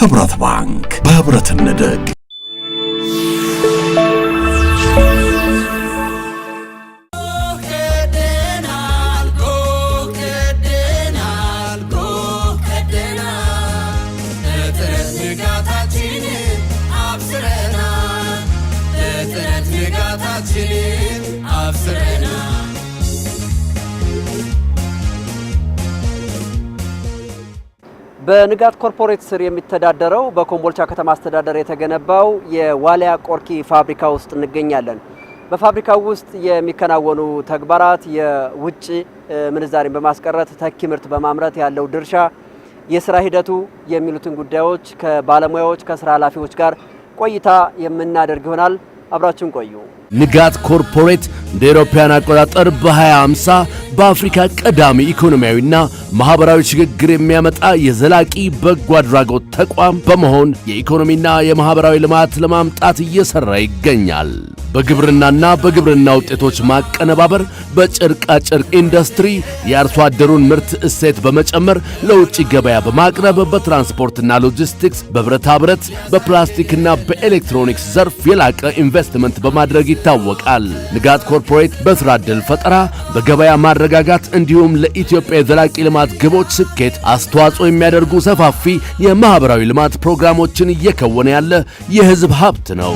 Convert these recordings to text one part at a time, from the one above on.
ህብረት ባንክ በህብረት እንደግ። በንጋት ኮርፖሬት ስር የሚተዳደረው በኮምቦልቻ ከተማ አስተዳደር የተገነባው የዋሊያ ቆርኪ ፋብሪካ ውስጥ እንገኛለን። በፋብሪካው ውስጥ የሚከናወኑ ተግባራት የውጭ ምንዛሬን በማስቀረት ተኪ ምርት በማምረት ያለው ድርሻ፣ የስራ ሂደቱ የሚሉትን ጉዳዮች ከባለሙያዎች ከስራ ኃላፊዎች ጋር ቆይታ የምናደርግ ይሆናል። አብራችን ቆዩ። ንጋት ኮርፖሬት እንደ አቆጣጠር በ2050 በአፍሪካ ቀዳሚ ኢኮኖሚያዊና ማህበራዊ ሽግግር የሚያመጣ የዘላቂ በጎ አድራጎት ተቋም በመሆን የኢኮኖሚና የማህበራዊ ልማት ለማምጣት እየሰራ ይገኛል። በግብርናና በግብርና ውጤቶች ማቀነባበር፣ በጨርቃጨርቅ ኢንዱስትሪ የአርሶ አደሩን ምርት እሴት በመጨመር ለውጭ ገበያ በማቅረብ፣ በትራንስፖርትና ሎጂስቲክስ፣ በብረታ ብረት፣ በፕላስቲክና በኤሌክትሮኒክስ ዘርፍ የላቀ ኢንቨስትመንት በማድረግ ይታወቃል። ንጋት ኮርፖሬት በስራ ዕድል ፈጠራ፣ በገበያ ማረጋጋት እንዲሁም ለኢትዮጵያ የዘላቂ ልማት ግቦች ስኬት አስተዋጽኦ የሚያደርጉ ሰፋፊ የማኅበራዊ ልማት ፕሮግራሞችን እየከወነ ያለ የሕዝብ ሀብት ነው።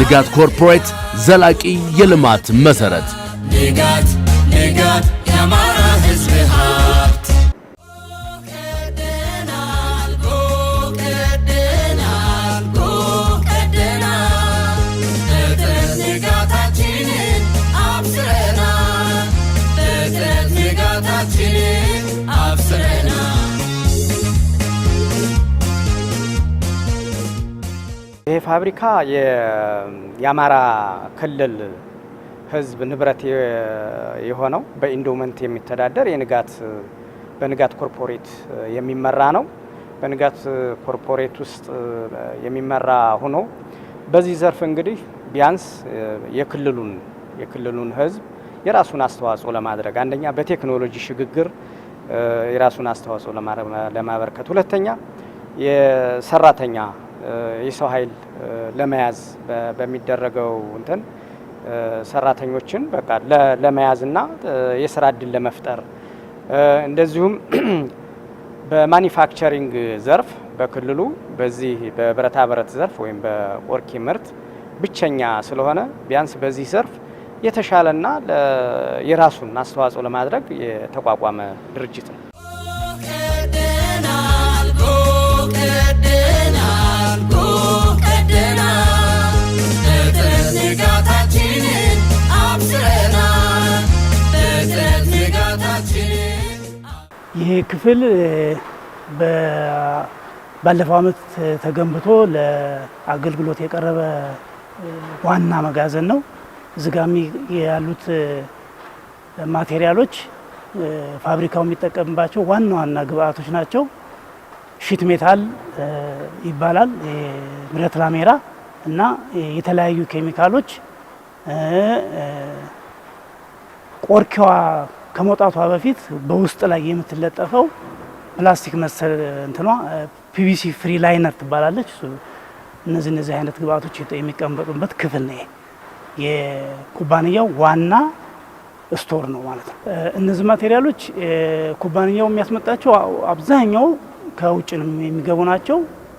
ንጋት ኮርፖሬት ዘላቂ የልማት መሠረት ንጋት ንጋት የአማራ ሕዝብ ፋብሪካ የአማራ ክልል ህዝብ ንብረት የሆነው በኢንዶመንት የሚተዳደር የንጋት በንጋት ኮርፖሬት የሚመራ ነው። በንጋት ኮርፖሬት ውስጥ የሚመራ ሆኖ በዚህ ዘርፍ እንግዲህ ቢያንስ የክልሉን የክልሉን ህዝብ የራሱን አስተዋጽኦ ለማድረግ አንደኛ በቴክኖሎጂ ሽግግር የራሱን አስተዋጽኦ ለማበርከት፣ ሁለተኛ የሰራተኛ የሰው ኃይል ለመያዝ በሚደረገው እንትን ሰራተኞችን በቃ ለመያዝና የስራ እድል ለመፍጠር እንደዚሁም በማኒፋክቸሪንግ ዘርፍ በክልሉ በዚህ በብረታ ብረት ዘርፍ ወይም በቆርኪ ምርት ብቸኛ ስለሆነ ቢያንስ በዚህ ዘርፍ የተሻለና የራሱን አስተዋጽኦ ለማድረግ የተቋቋመ ድርጅት ነው። ይሄ ክፍል ባለፈው ዓመት ተገንብቶ ለአገልግሎት የቀረበ ዋና መጋዘን ነው። ዝጋሚ ያሉት ማቴሪያሎች ፋብሪካው የሚጠቀምባቸው ዋና ዋና ግብአቶች ናቸው። ሺት ሜታል ይባላል፣ ብረት ላሜራ እና የተለያዩ ኬሚካሎች ቆርኪዋ ከመውጣቷ በፊት በውስጥ ላይ የምትለጠፈው ፕላስቲክ መሰል እንትኗ ፒቪሲ ፍሪ ላይነር ትባላለች። እነዚህ እነዚህ አይነት ግብአቶች የሚቀመጡበት ክፍል ነው። የኩባንያው ዋና ስቶር ነው ማለት ነው። እነዚህ ማቴሪያሎች ኩባንያው የሚያስመጣቸው አብዛኛው ከውጭ የሚገቡ ናቸው።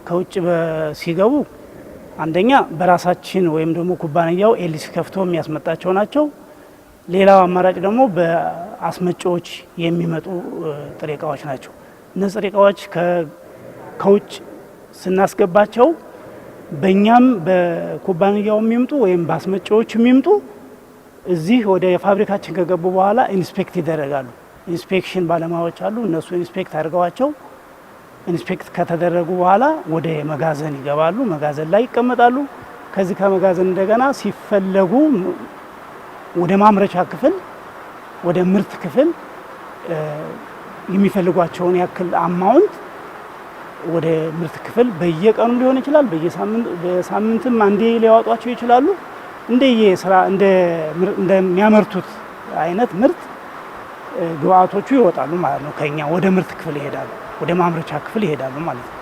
ከውጭ ሲገቡ አንደኛ በራሳችን ወይም ደግሞ ኩባንያው ኤልሲ ከፍቶ የሚያስመጣቸው ናቸው። ሌላው አማራጭ ደግሞ በአስመጪዎች የሚመጡ ጥሬ እቃዎች ናቸው። እነዚህ ጥሬ እቃዎች ከውጭ ስናስገባቸው በእኛም በኩባንያው የሚምጡ ወይም በአስመጪዎች የሚምጡ እዚህ ወደ ፋብሪካችን ከገቡ በኋላ ኢንስፔክት ይደረጋሉ። ኢንስፔክሽን ባለሙያዎች አሉ። እነሱ ኢንስፔክት አድርገዋቸው ኢንስፔክት ከተደረጉ በኋላ ወደ መጋዘን ይገባሉ። መጋዘን ላይ ይቀመጣሉ። ከዚህ ከመጋዘን እንደገና ሲፈለጉ ወደ ማምረቻ ክፍል ወደ ምርት ክፍል የሚፈልጓቸውን ያክል አማውንት ወደ ምርት ክፍል በየቀኑ ሊሆን ይችላል፣ በሳምንትም አንዴ ሊያወጧቸው ይችላሉ። እንደየስራ እንደሚያመርቱት አይነት ምርት ግብአቶቹ ይወጣሉ ማለት ነው። ከኛ ወደ ምርት ክፍል ይሄዳሉ፣ ወደ ማምረቻ ክፍል ይሄዳሉ ማለት ነው።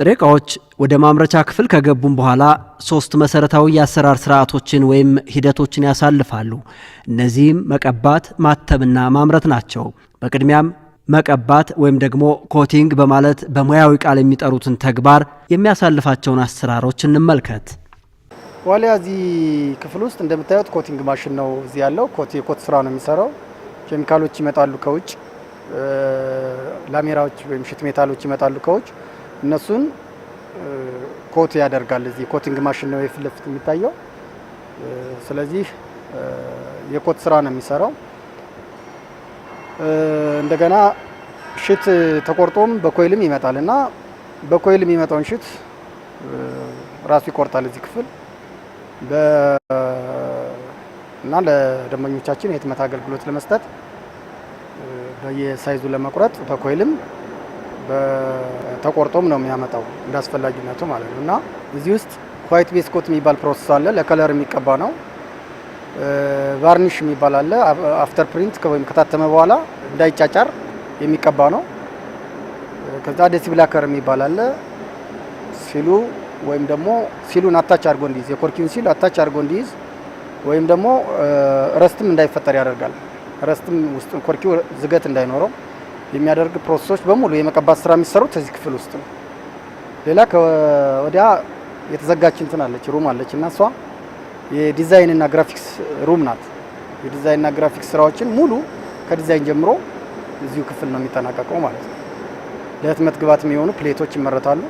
ጥሬ እቃዎች ወደ ማምረቻ ክፍል ከገቡም በኋላ ሶስት መሰረታዊ የአሰራር ስርዓቶችን ወይም ሂደቶችን ያሳልፋሉ። እነዚህም መቀባት፣ ማተምና ማምረት ናቸው። በቅድሚያም መቀባት ወይም ደግሞ ኮቲንግ በማለት በሙያዊ ቃል የሚጠሩትን ተግባር የሚያሳልፋቸውን አሰራሮች እንመልከት። ዋሊያ እዚህ ክፍል ውስጥ እንደምታዩት ኮቲንግ ማሽን ነው እዚህ ያለው። የኮት ስራ ነው የሚሰራው። ኬሚካሎች ይመጣሉ ከውጭ፣ ላሜራዎች ወይም ሽት ሜታሎች ይመጣሉ ከውጭ እነሱን ኮት ያደርጋል። እዚህ ኮቲንግ ማሽን ነው የፊት ለፊት የሚታየው። ስለዚህ የኮት ስራ ነው የሚሰራው። እንደገና ሽት ተቆርጦም በኮይልም ይመጣል እና በኮይል የሚመጣውን ሽት ራሱ ይቆርጣል እዚህ ክፍል እና ለደንበኞቻችን የህትመት አገልግሎት ለመስጠት በየሳይዙ ለመቁረጥ በኮይልም ተቆርጦም ነው የሚያመጣው እንደ አስፈላጊነቱ ማለት ነው። እና እዚህ ውስጥ ኳይት ቤስኮት የሚባል ፕሮሰስ አለ፣ ለከለር የሚቀባ ነው። ቫርኒሽ የሚባል አለ፣ አፍተር ፕሪንት ወይም ከታተመ በኋላ እንዳይጫጫር የሚቀባ ነው። ከዛ ደሲብላከር የሚባል አለ፣ ሲሉ ወይም ደግሞ ሲሉን አታች አድርጎ እንዲይዝ የኮርኪውን ሲሉ አታች አድርጎ እንዲይዝ ወይም ደግሞ ረስትም እንዳይፈጠር ያደርጋል። ረስትም ውስጥ ኮርኪው ዝገት እንዳይኖረው የሚያደርግ ፕሮሰሶች በሙሉ የመቀባት ስራ የሚሰሩት እዚህ ክፍል ውስጥ ነው። ሌላ ወዲያ የተዘጋች እንትን አለች ሩም አለች እና እሷ የዲዛይንና ግራፊክስ ሩም ናት። የዲዛይንና ግራፊክስ ስራዎችን ሙሉ ከዲዛይን ጀምሮ እዚሁ ክፍል ነው የሚጠናቀቀው ማለት ነው። ለህትመት ግባት የሚሆኑ ፕሌቶች ይመረታሉ።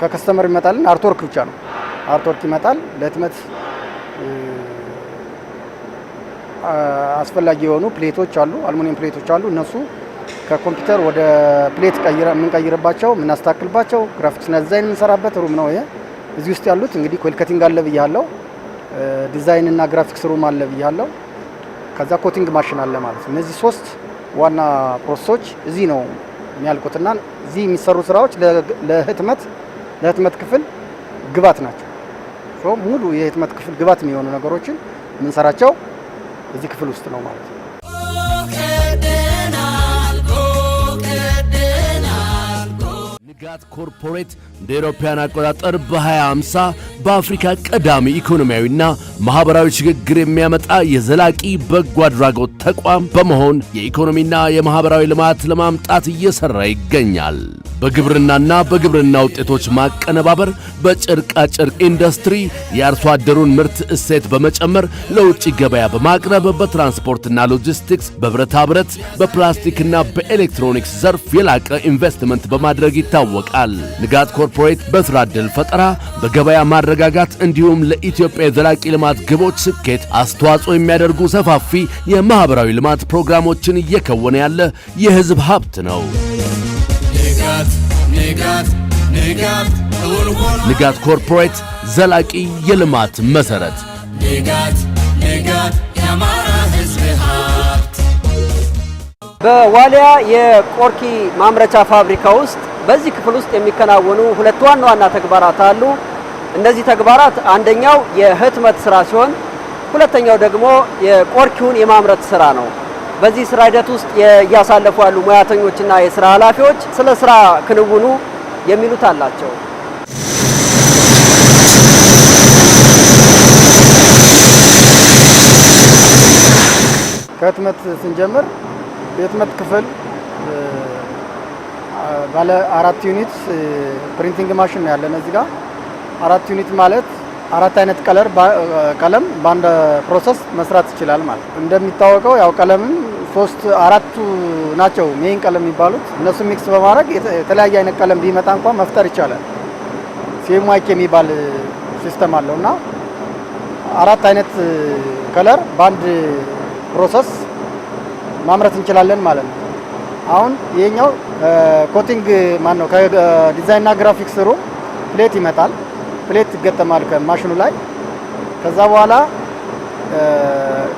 ከከስተመር ይመጣልን አርትወርክ ብቻ ነው። አርትወርክ ይመጣል። ለህትመት አስፈላጊ የሆኑ ፕሌቶች አሉ፣ አልሙኒየም ፕሌቶች አሉ። እነሱ ከኮምፒውተር ወደ ፕሌት የምንቀይርባቸው የምናስተካክልባቸው ግራፊክስና ዲዛይን የምንሰራበት ሩም ነው ይሄ። እዚህ ውስጥ ያሉት እንግዲህ ኮይል አለ ብያለው፣ ዲዛይን እና ግራፊክስ ሩም አለ ብያለው፣ ከዛ ኮቲንግ ማሽን አለ ማለት ነው። እነዚህ ሶስት ዋና ፕሮሰሶች እዚህ ነው የሚያልቁትና እዚህ የሚሰሩ ስራዎች ለህትመት ለህትመት ክፍል ግባት ናቸው። ሙሉ የህትመት ክፍል ግባት የሚሆኑ ነገሮችን የምንሰራቸው እዚህ ክፍል ውስጥ ነው ማለት ነው። ንጋት ኮርፖሬት እንደ ኤሮፓያን አቆጣጠር በ2050 በአፍሪካ ቀዳሚ ኢኮኖሚያዊና ማኅበራዊ ሽግግር የሚያመጣ የዘላቂ በጎ አድራጎት ተቋም በመሆን የኢኮኖሚና የማኅበራዊ ልማት ለማምጣት እየሠራ ይገኛል። በግብርናና በግብርና ውጤቶች ማቀነባበር፣ በጨርቃጨርቅ ኢንዱስትሪ የአርሶ አደሩን ምርት እሴት በመጨመር ለውጭ ገበያ በማቅረብ በትራንስፖርትና ሎጂስቲክስ፣ በብረታ ብረት፣ በፕላስቲክና በኤሌክትሮኒክስ ዘርፍ የላቀ ኢንቨስትመንት በማድረግ ይታወቃል። ንጋት ኮርፖሬት በስራ ዕድል ፈጠራ፣ በገበያ ማረጋጋት እንዲሁም ለኢትዮጵያ የዘላቂ ልማት ግቦች ስኬት አስተዋጽኦ የሚያደርጉ ሰፋፊ የማኅበራዊ ልማት ፕሮግራሞችን እየከወነ ያለ የሕዝብ ሀብት ነው። ንጋት ኮርፖሬት ዘላቂ የልማት መሰረት በዋሊያ የቆርኪ ማምረቻ ፋብሪካ ውስጥ በዚህ ክፍል ውስጥ የሚከናወኑ ሁለት ዋና ዋና ተግባራት አሉ። እነዚህ ተግባራት አንደኛው የህትመት ስራ ሲሆን ሁለተኛው ደግሞ የቆርኪውን የማምረት ስራ ነው። በዚህ ስራ ሂደት ውስጥ እያሳለፉ ያሉ ሙያተኞችና የስራ ኃላፊዎች ስለ ስራ ክንውኑ የሚሉት አላቸው። ከህትመት ስንጀምር የህትመት ክፍል ባለ አራት ዩኒት ፕሪንቲንግ ማሽን ነው ያለን እዚህ ጋር። አራት ዩኒት ማለት አራት አይነት ቀለር ቀለም በአንድ ፕሮሰስ መስራት ይችላል ማለት ነው። እንደሚታወቀው ያው ቀለምም ሶስት አራቱ ናቸው ሜይን ቀለም የሚባሉት እነሱ ሚክስ በማድረግ የተለያየ አይነት ቀለም ቢመጣ እንኳን መፍጠር ይቻላል። ሲኤምዋይክ የሚባል ሲስተም አለው እና አራት አይነት ከለር በአንድ ፕሮሰስ ማምረት እንችላለን ማለት ነው። አሁን ይሄኛው ኮቲንግ ማን ነው ከዲዛይንና ግራፊክስ ሩም ፕሌት ይመጣል። ፕሌት ይገጠማል ከማሽኑ ላይ። ከዛ በኋላ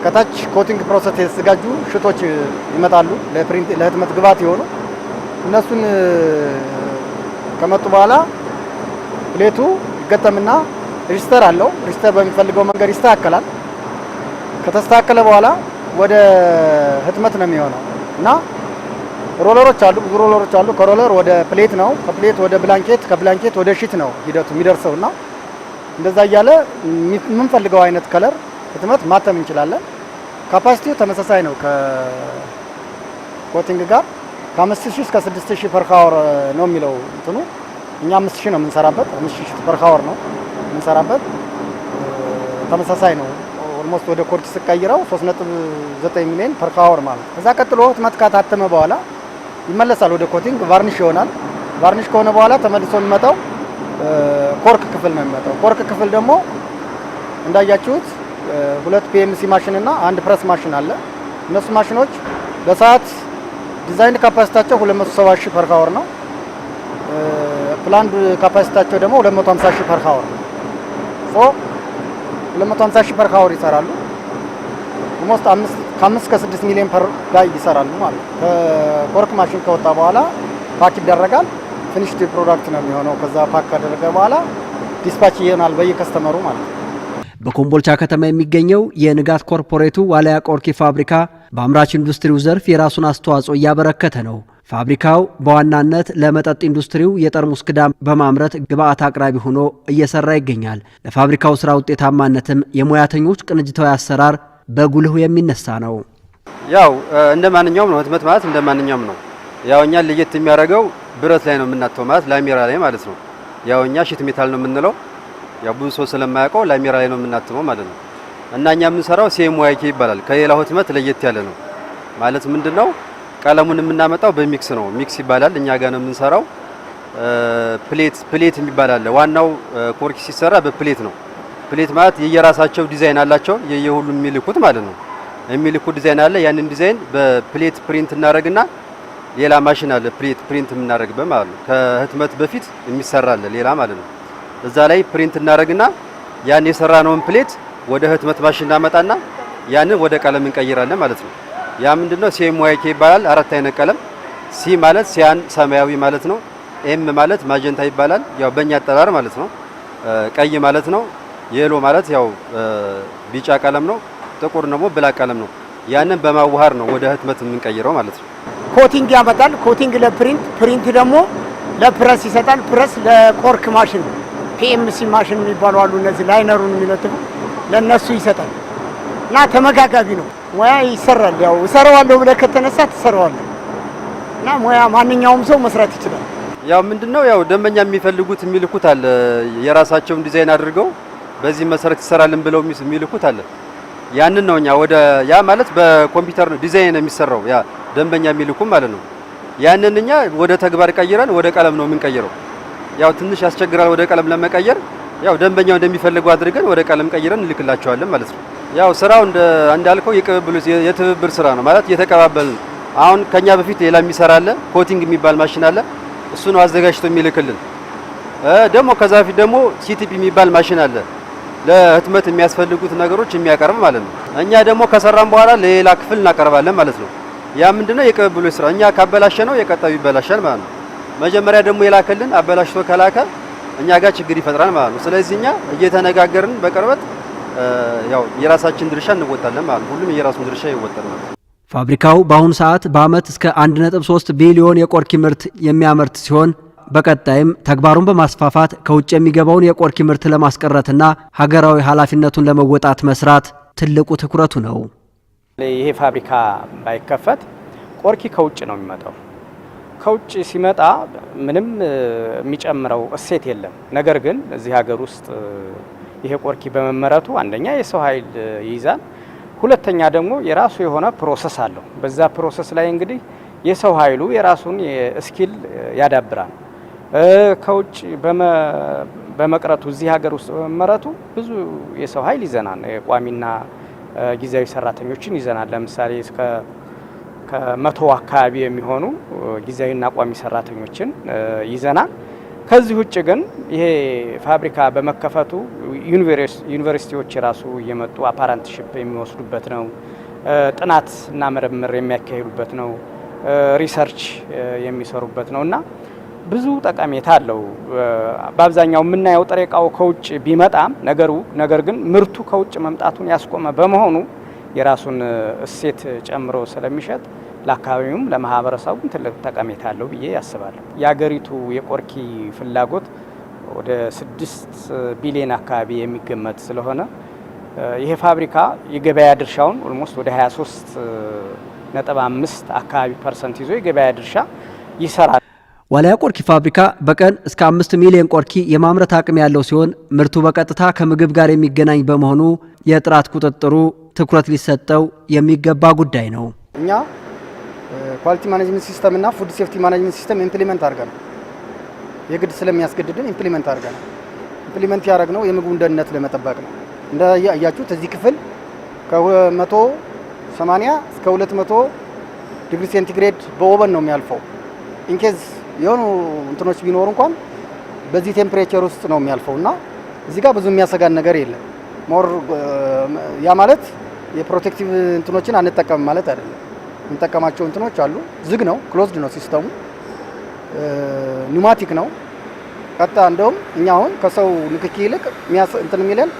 ከታች ኮቲንግ ፕሮሰስ የተዘጋጁ ሽቶች ይመጣሉ ለፕሪንት ለህትመት ግብዓት የሆኑ እነሱን ከመጡ በኋላ ፕሌቱ ይገጠምና ሪጅስተር አለው። ሪጅስተር በሚፈልገው መንገድ ይስተካከላል። ከተስተካከለ በኋላ ወደ ህትመት ነው የሚሆነው እና ሮለሮች አሉ፣ ብዙ ሮለሮች አሉ። ከሮለር ወደ ፕሌት ነው፣ ከፕሌት ወደ ብላንኬት፣ ከብላንኬት ወደ ሺት ነው ሂደቱ የሚደርሰው እና እንደዛ እያለ የምንፈልገው አይነት ከለር ህትመት ማተም እንችላለን። ካፓሲቲው ተመሳሳይ ነው ከኮቲንግ ጋር ከአምስት ሺህ እስከ ስድስት ሺህ ፐር ነው የሚለው እንትኑ። እኛ አምስት ሺህ ነው የምንሰራበት፣ አምስት ሺህ ፐር ነው የምንሰራበት። ተመሳሳይ ነው ኦልሞስት ወደ ኮርኪ ስቀይረው 3.9 ሚሊዮን ፐር ሀወር ማለት። ከዛ ቀጥሎ ህትመት ካታተመ በኋላ ይመለሳል ወደ ኮቲንግ ቫርኒሽ ይሆናል። ቫርኒሽ ከሆነ በኋላ ተመልሶ የሚመጣው ኮርክ ክፍል ነው የሚመጣው። ኮርክ ክፍል ደግሞ እንዳያችሁት ሁለት ፒኤምሲ ማሽን እና አንድ ፕረስ ማሽን አለ። እነሱ ማሽኖች በሰዓት ዲዛይን ካፓሲታቸው 270 ሺህ ፐር ነው። ፕላንድ ካፓሲታቸው ደግሞ 250 ሺህ ፐር ነው። ሶ 250 ሺህ ፐር ይሰራሉ ኦልሞስት አምስት ከአምስት ከስድስት ሚሊዮን ፐር ላይ ይሰራሉ ማለት ነው። ከኮርክ ማሽን ከወጣ በኋላ ፓክ ይደረጋል። ፊኒሽድ ፕሮዳክት ነው የሚሆነው። ከዛ ፓክ ካደረገ በኋላ ዲስፓች ይሆናል በየከስተመሩ ማለት ነው። በኮምቦልቻ ከተማ የሚገኘው የንጋት ኮርፖሬቱ ዋልያ ቆርኪ ፋብሪካ በአምራች ኢንዱስትሪው ዘርፍ የራሱን አስተዋጽኦ እያበረከተ ነው። ፋብሪካው በዋናነት ለመጠጥ ኢንዱስትሪው የጠርሙስ ክዳም በማምረት ግብአት አቅራቢ ሆኖ እየሰራ ይገኛል። ለፋብሪካው ስራ ውጤታማነትም የሙያተኞች ቅንጅታዊ አሰራር በጉልህ የሚነሳ ነው። ያው እንደ ማንኛውም ነው። ህትመት ማለት እንደ ማንኛውም ነው። ያው እኛ ለየት የሚያደርገው ብረት ላይ ነው የምናተው፣ ማለት ላሚራ ላይ ማለት ነው። ያው እኛ ሽት ሜታል ነው የምንለው፣ ያው ብዙ ሰው ስለማያውቀው ላሚራ ላይ ነው የምናትመው ማለት ነው። እና እኛ የምንሰራው ዋይኪ ይባላል። ከሌላው ህትመት ለየት ያለ ነው ማለት ምንድን ነው? ቀለሙን የምናመጣው በሚክስ ነው። ሚክስ ይባላል፣ እኛ ጋር ነው የምንሰራው። ፕሌት ፕሌት የሚባል አለ። ዋናው ኮርኪ ሲሰራ በፕሌት ነው። ፕሌት ማለት የየራሳቸው ዲዛይን አላቸው። የየሁሉ የሚልኩት ማለት ነው። የሚልኩት ዲዛይን አለ። ያንን ዲዛይን በፕሌት ፕሪንት እናደርግና ሌላ ማሽን አለ ፕሌት ፕሪንት የምናደርግበት ማለት ነው። ከህትመት በፊት የሚሰራለ ሌላ ማለት ነው። እዛ ላይ ፕሪንት እናደርግና ያን የሰራነውን ፕሌት ወደ ህትመት ማሽን እናመጣና ያንን ወደ ቀለም እንቀይራለን ማለት ነው። ያ ምንድነው ዋይኬ ይባላል። አራት አይነት ቀለም ሲ ማለት ሲያን ሰማያዊ ማለት ነው። ኤም ማለት ማጀንታ ይባላል። ያው በእኛ አጠራር ማለት ነው። ቀይ ማለት ነው። የሎ ማለት ያው ቢጫ ቀለም ነው። ጥቁር ደግሞ ብላ ቀለም ነው። ያንን በማዋሃር ነው ወደ ህትመት የምንቀይረው ማለት ነው። ኮቲንግ ያመጣል። ኮቲንግ ለፕሪንት፣ ፕሪንት ደግሞ ለፕረስ ይሰጣል። ፕረስ ለኮርክ ማሽን ፒኤምሲ ማሽን የሚባሉ አሉ። እነዚህ ላይነሩን የሚለጥፉ ለእነሱ ይሰጣል። እና ተመጋጋቢ ነው። ሙያ ይሰራል። ያው እሰራዋለሁ ብለህ ከተነሳ ትሰራዋለህ። እና ሙያ ማንኛውም ሰው መስራት ይችላል። ያው ምንድነው ያው ደንበኛ የሚፈልጉት የሚልኩት አለ የራሳቸውን ዲዛይን አድርገው በዚህ መሰረት ይሰራልን ብለው የሚልኩት አለ። ያንን ነው እኛ ወደ ያ ማለት በኮምፒውተር ነው ዲዛይን የሚሰራው ያ ደንበኛ የሚልኩ ማለት ነው። ያንን እኛ ወደ ተግባር ቀይረን ወደ ቀለም ነው የምንቀይረው። ያው ትንሽ ያስቸግራል ወደ ቀለም ለመቀየር። ያው ደንበኛው እንደሚፈልገው አድርገን ወደ ቀለም ቀይረን እንልክላቸዋለን ማለት ነው። ያው ስራው እንዳልከው የቅብብል የትብብር ስራ ነው ማለት እየተቀባበልን። አሁን ከኛ በፊት ሌላ የሚሰራ አለ፣ ኮቲንግ የሚባል ማሽን አለ። እሱ ነው አዘጋጅቶ የሚልክልን። ደግሞ ከዛ በፊት ደግሞ ሲቲፒ የሚባል ማሽን አለ ለህትመት የሚያስፈልጉት ነገሮች የሚያቀርብ ማለት ነው። እኛ ደግሞ ከሰራን በኋላ ለሌላ ክፍል እናቀርባለን ማለት ነው። ያ ምንድነው የቅብብሎች ስራ። እኛ ካበላሸ ነው የቀጣዩ ይበላሻል ማለት ነው። መጀመሪያ ደግሞ የላከልን አበላሽቶ ከላከ እኛ ጋር ችግር ይፈጥራል ማለት ነው። ስለዚህ እኛ እየተነጋገርን በቅርበት ያው የራሳችን ድርሻ እንወጣለን ማለት ነው። ሁሉም የራሱን ድርሻ ይወጣል ማለት ነው። ፋብሪካው በአሁኑ ሰዓት በአመት እስከ 1.3 ቢሊዮን የቆርኪ ምርት የሚያመርት ሲሆን በቀጣይም ተግባሩን በማስፋፋት ከውጭ የሚገባውን የቆርኪ ምርት ለማስቀረትና ሀገራዊ ኃላፊነቱን ለመወጣት መስራት ትልቁ ትኩረቱ ነው። ይሄ ፋብሪካ ባይከፈት ቆርኪ ከውጭ ነው የሚመጣው። ከውጭ ሲመጣ ምንም የሚጨምረው እሴት የለም። ነገር ግን እዚህ ሀገር ውስጥ ይሄ ቆርኪ በመመረቱ አንደኛ የሰው ኃይል ይይዛል፣ ሁለተኛ ደግሞ የራሱ የሆነ ፕሮሰስ አለው። በዛ ፕሮሰስ ላይ እንግዲህ የሰው ኃይሉ የራሱን ስኪል ያዳብራል። ከውጭ በመቅረቱ እዚህ ሀገር ውስጥ በመመረቱ ብዙ የሰው ኃይል ይዘናል። የቋሚና ጊዜያዊ ሰራተኞችን ይዘናል። ለምሳሌ እስከ ከመቶ አካባቢ የሚሆኑ ጊዜያዊና ቋሚ ሰራተኞችን ይዘናል። ከዚህ ውጭ ግን ይሄ ፋብሪካ በመከፈቱ ዩኒቨርሲቲዎች የራሱ እየመጡ አፓራንትሽፕ የሚወስዱበት ነው። ጥናትና ምርምር የሚያካሂዱበት ነው። ሪሰርች የሚሰሩበት ነው እና ብዙ ጠቀሜታ አለው። በአብዛኛው የምናየው ጥሬ እቃው ከውጭ ቢመጣም ነገሩ ነገር ግን ምርቱ ከውጭ መምጣቱን ያስቆመ በመሆኑ የራሱን እሴት ጨምሮ ስለሚሸጥ ለአካባቢውም ለማህበረሰቡም ትልቅ ጠቀሜታ አለው ብዬ ያስባለሁ። የአገሪቱ የቆርኪ ፍላጎት ወደ ስድስት ቢሊዮን አካባቢ የሚገመት ስለሆነ ይሄ ፋብሪካ የገበያ ድርሻውን ኦልሞስት ወደ 23 ነጥብ አምስት አካባቢ ፐርሰንት ይዞ የገበያ ድርሻ ይሰራል። ዋልያ ቆርኪ ፋብሪካ በቀን እስከ አምስት ሚሊዮን ቆርኪ የማምረት አቅም ያለው ሲሆን ምርቱ በቀጥታ ከምግብ ጋር የሚገናኝ በመሆኑ የጥራት ቁጥጥሩ ትኩረት ሊሰጠው የሚገባ ጉዳይ ነው። እኛ ኳሊቲ ማኔጅመንት ሲስተም እና ፉድ ሴፍቲ ማኔጅመንት ሲስተም ኢምፕሊመንት አድርገናል። የግድ ስለሚያስገድድን ኢምፕሊመንት አድርገናል። ኢምፕሊመንት ያደረግነው የምግቡን ደህንነት ለመጠበቅ ነው። እንዳያችሁት እዚህ ክፍል ከ180 እስከ 200 ዲግሪ ሴንቲግሬድ በኦቨን ነው የሚያልፈው ኢንኬዝ የሆኑ እንትኖች ቢኖሩ እንኳን በዚህ ቴምፕሬቸር ውስጥ ነው የሚያልፈው እና እዚህ ጋር ብዙ የሚያሰጋን ነገር የለም። ሞር uh, ያ ማለት የፕሮቴክቲቭ እንትኖችን አንጠቀምም ማለት አይደለም። የምንጠቀማቸው እንትኖች አሉ። ዝግ ነው፣ ክሎዝድ ነው ሲስተሙ፣ ኒውማቲክ uh, ነው። ቀጣ። እንደውም እኛ አሁን ከሰው ንክኪ ይልቅ እንትን የሚለን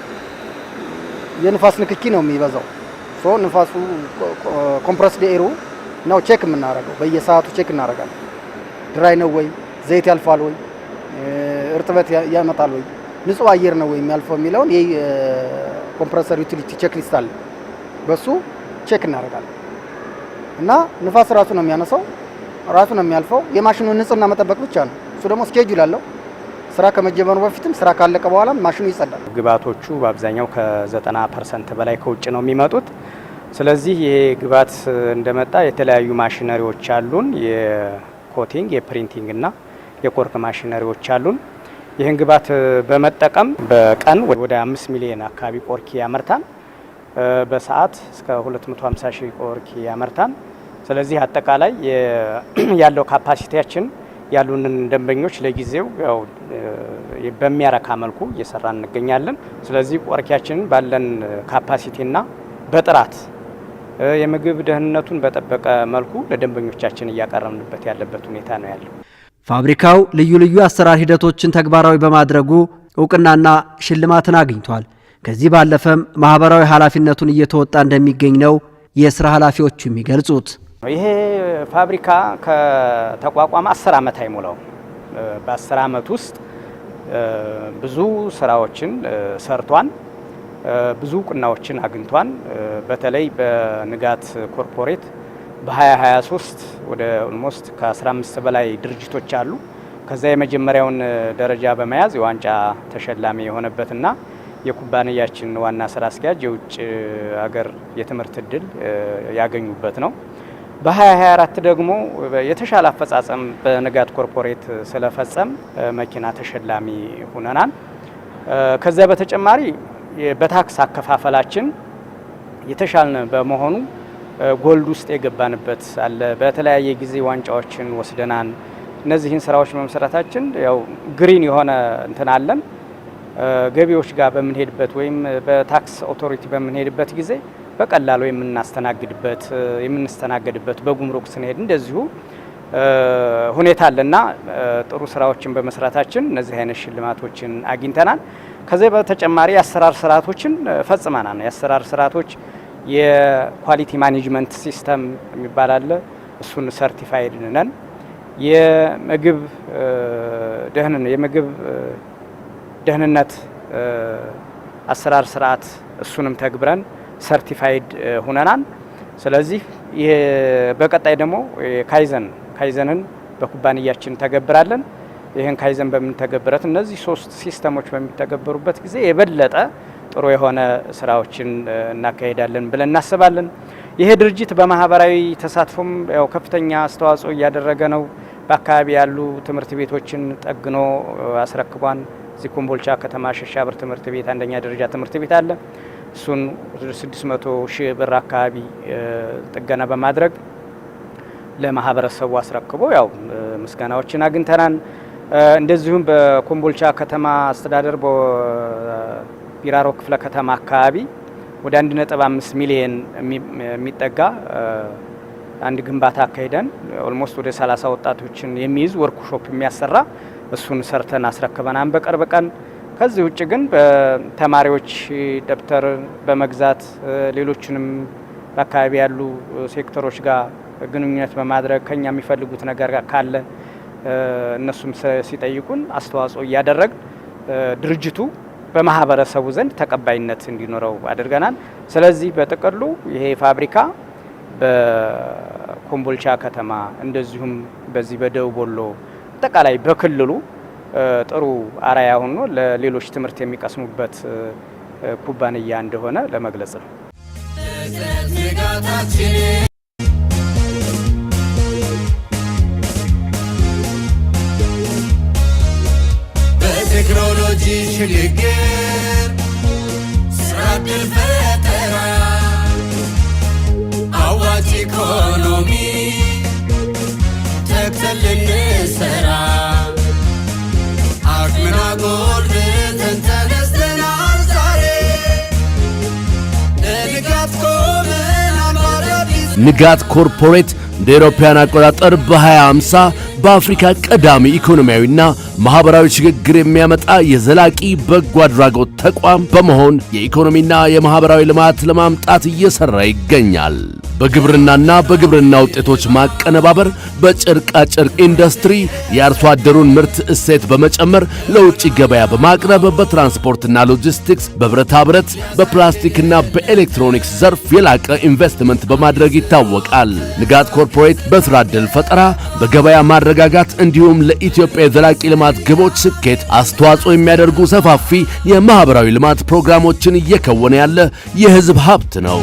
የንፋስ ንክኪ ነው የሚበዛው። ሶ ንፋሱ ኮምፕረስድ uh, ኤሩ ነው ቼክ የምናደርገው፣ በየሰዓቱ ቼክ እናደርጋለን። ድራይ ነው ወይ፣ ዘይት ያልፋል ወይ፣ እርጥበት ያመጣል ወይ፣ ንጹህ አየር ነው ወይ የሚያልፈው የሚለውን ይህ ኮምፕረሰር ዩቲሊቲ ቼክ ሊስት አለ። በሱ ቼክ እናደርጋለን እና ንፋስ ራሱ ነው የሚያነሳው፣ ራሱ ነው የሚያልፈው። የማሽኑን ንጽህና መጠበቅ ብቻ ነው። እሱ ደግሞ ስኬጁል አለው። ስራ ከመጀመሩ በፊትም ስራ ካለቀ በኋላም ማሽኑ ይጸዳል። ግባቶቹ በአብዛኛው ከ90 ፐርሰንት በላይ ከውጭ ነው የሚመጡት። ስለዚህ ይሄ ግብአት እንደመጣ የተለያዩ ማሽነሪዎች አሉን ኮቲንግ፣ የፕሪንቲንግ እና የቆርክ ማሽነሪዎች አሉን። ይህን ግብዓት በመጠቀም በቀን ወደ አምስት ሚሊዮን አካባቢ ቆርኪ ያመርታል። በሰዓት እስከ 250 ሺህ ቆርኪ ያመርታል። ስለዚህ አጠቃላይ ያለው ካፓሲቲያችን ያሉንን ደንበኞች ለጊዜው ያው በሚያረካ መልኩ እየሰራ እንገኛለን። ስለዚህ ቆርኪያችንን ባለን ካፓሲቲና በጥራት የምግብ ደህንነቱን በጠበቀ መልኩ ለደንበኞቻችን እያቀረብንበት ያለበት ሁኔታ ነው ያለው። ፋብሪካው ልዩ ልዩ አሰራር ሂደቶችን ተግባራዊ በማድረጉ እውቅናና ሽልማትን አግኝቷል። ከዚህ ባለፈም ማህበራዊ ኃላፊነቱን እየተወጣ እንደሚገኝ ነው የስራ ኃላፊዎቹ የሚገልጹት። ይሄ ፋብሪካ ከተቋቋመ አስር ዓመት አይሞላው። በአስር ዓመት ውስጥ ብዙ ስራዎችን ሰርቷል። ብዙ እውቅናዎችን አግኝቷል። በተለይ በንጋት ኮርፖሬት በ2023 ወደ ኦልሞስት ከ15 በላይ ድርጅቶች አሉ። ከዛ የመጀመሪያውን ደረጃ በመያዝ የዋንጫ ተሸላሚ የሆነበትና የኩባንያችን ዋና ስራ አስኪያጅ የውጭ ሀገር የትምህርት እድል ያገኙበት ነው። በ2024 ደግሞ የተሻለ አፈጻጸም በንጋት ኮርፖሬት ስለፈጸም መኪና ተሸላሚ ሁነናል። ከዚያ በተጨማሪ በታክስ አከፋፈላችን የተሻልነ በመሆኑ ጎልድ ውስጥ የገባንበት አለ። በተለያየ ጊዜ ዋንጫዎችን ወስደናል። እነዚህን ስራዎች በመስራታችን ያው ግሪን የሆነ እንትን አለን። ገቢዎች ጋር በምንሄድበት ወይም በታክስ ኦቶሪቲ በምንሄድበት ጊዜ በቀላሉ የምናስተናግድበት የምንስተናገድበት በጉምሩክ ስንሄድ እንደዚሁ ሁኔታ አለና ጥሩ ስራዎችን በመስራታችን እነዚህ አይነት ሽልማቶችን አግኝተናል። ከዚህ በተጨማሪ የአሰራር ስርዓቶችን ፈጽመናል። የአሰራር ስርዓቶች የኳሊቲ ማኔጅመንት ሲስተም የሚባል አለ። እሱን ሰርቲፋይድ ነን። የምግብ ደህንነት የምግብ ደህንነት አሰራር ስርዓት እሱንም ተግብረን ሰርቲፋይድ ሁነናል። ስለዚህ ይሄ በቀጣይ ደግሞ ካይዘን ካይዘንን በኩባንያችን ተገብራለን። ይህን ካይዘን በምንተገብረት እነዚህ ሶስት ሲስተሞች በሚተገበሩበት ጊዜ የበለጠ ጥሩ የሆነ ስራዎችን እናካሄዳለን ብለን እናስባለን። ይሄ ድርጅት በማህበራዊ ተሳትፎም ያው ከፍተኛ አስተዋጽኦ እያደረገ ነው። በአካባቢ ያሉ ትምህርት ቤቶችን ጠግኖ አስረክቧን። እዚህ ኮምቦልቻ ከተማ ሸሻብር ትምህርት ቤት አንደኛ ደረጃ ትምህርት ቤት አለ። እሱን 600 ሺህ ብር አካባቢ ጥገና በማድረግ ለማህበረሰቡ አስረክቦ ያው ምስጋናዎችን አግኝተናል። እንደዚሁም በኮምቦልቻ ከተማ አስተዳደር በቢራሮ ክፍለ ከተማ አካባቢ ወደ 1.5 ሚሊየን የሚጠጋ አንድ ግንባታ አካሂደን ኦልሞስት ወደ 30 ወጣቶችን የሚይዝ ወርክሾፕ የሚያሰራ እሱን ሰርተን አስረክበን በቅርብ ቀን። ከዚህ ውጭ ግን በተማሪዎች ደብተር በመግዛት ሌሎችንም በአካባቢ ያሉ ሴክተሮች ጋር ግንኙነት በማድረግ ከኛ የሚፈልጉት ነገር ካለ እነሱም ሲጠይቁን አስተዋጽኦ እያደረግን ድርጅቱ በማህበረሰቡ ዘንድ ተቀባይነት እንዲኖረው አድርገናል። ስለዚህ በጥቅሉ ይሄ ፋብሪካ በኮምቦልቻ ከተማ እንደዚሁም በዚህ በደቡብ ወሎ አጠቃላይ በክልሉ ጥሩ አራያ ሆኖ ለሌሎች ትምህርት የሚቀስሙበት ኩባንያ እንደሆነ ለመግለጽ ነው። የዚህ ሽግግር ፈጠራ አዋጭ ኢኮኖሚ ተክተን አቅምና ጎልብተን ተነስተናል ዛሬ ለንጋት ንጋት ኮርፖሬት እንደ ኢሮፓያን አቆጣጠር በ2050 በአፍሪካ ቀዳሚ ኢኮኖሚያዊና ማህበራዊ ሽግግር የሚያመጣ የዘላቂ በጎ አድራጎት ተቋም በመሆን የኢኮኖሚና የማህበራዊ ልማት ለማምጣት እየሰራ ይገኛል። በግብርናና በግብርና ውጤቶች ማቀነባበር፣ በጨርቃጨርቅ ኢንዱስትሪ የአርሶ አደሩን ምርት እሴት በመጨመር ለውጭ ገበያ በማቅረብ በትራንስፖርትና ሎጂስቲክስ፣ በብረታ ብረት፣ በፕላስቲክና በኤሌክትሮኒክስ ዘርፍ የላቀ ኢንቨስትመንት በማድረግ ይታወቃል። ንጋት ኮርፖሬት በስራ ዕድል ፈጠራ፣ በገበያ ማረጋጋት እንዲሁም ለኢትዮጵያ የዘላቂ ልማት ግቦች ስኬት አስተዋጽኦ የሚያደርጉ ሰፋፊ የማህበራዊ ልማት ፕሮግራሞችን እየከወነ ያለ የህዝብ ሀብት ነው።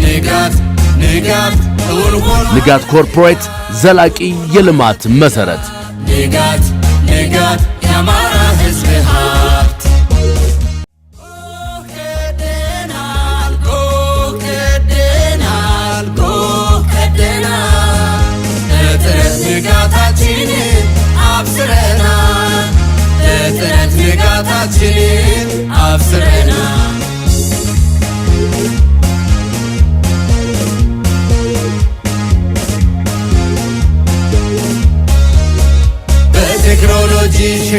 ንጋት ንጋት ንጋት ንጋት ኮርፖሬት ዘላቂ የልማት መሰረት ንጋት ንጋት የአማራ ሕዝብ ሀብት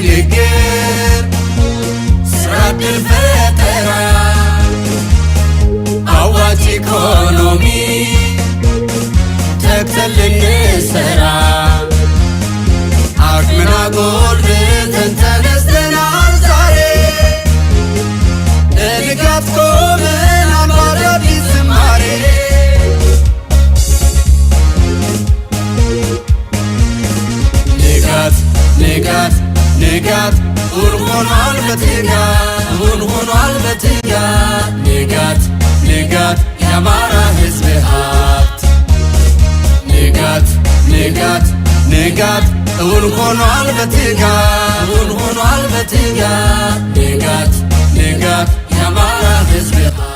ሽግግር ስራ ዕድል ፈጠራ አዋጭ ኢኮኖሚ ተክተን ልንሰራ አቅምና ጎልብተን በትጋት እውን ሆኗል በትጋት ንጋት ንጋት የአማራ ሕዝብ ሀብት ንጋት ንጋት ንጋት እውን ሆኗል በትጋት እውን ሆኗል በትጋት ንጋት ንጋት የአማራ ሕዝብ